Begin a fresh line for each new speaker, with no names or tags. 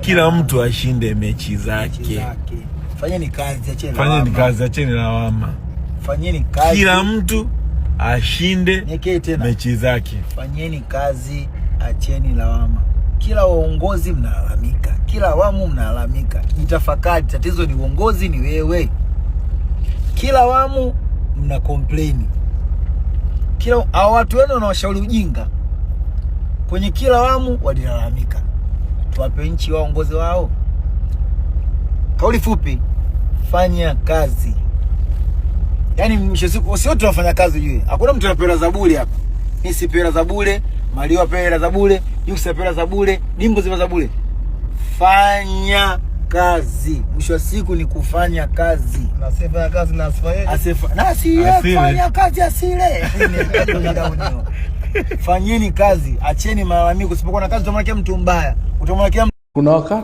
kila mtu ashinde mechi zake.
Fanyeni kazi, acheni lawama.
Fanyeni kazi, Fanyeni kazi. Kila mtu ashinde mechi zake.
Fanyeni kazi, acheni lawama. Kila uongozi mnalalamika, kila awamu mnalalamika. Jitafakari, tatizo ni uongozi, ni wewe. Kila awamu mna complain, kila watu wenu wanawashauri ujinga, kwenye kila awamu walilalamika tuwape nchi waongozi wao. Kauli fupi, fanya kazi. Yaani mwisho siku sio tu wafanya kazi ujue. Hakuna mtu anapewa za bure hapa. Mimi si pewa za bure, Mario apewi hela za bure, Jux apewi za bure, Dimbo zima za bure. Fanya kazi. Mwisho wa siku ni kufanya kazi.
Na ya kazi na asifanye.
Asifa. Na asifanya kazi asile fanyeni kazi, acheni malalamiko. Usipokuwa na kazi utamwekea mtu mbaya, utamwekea. Kuna waka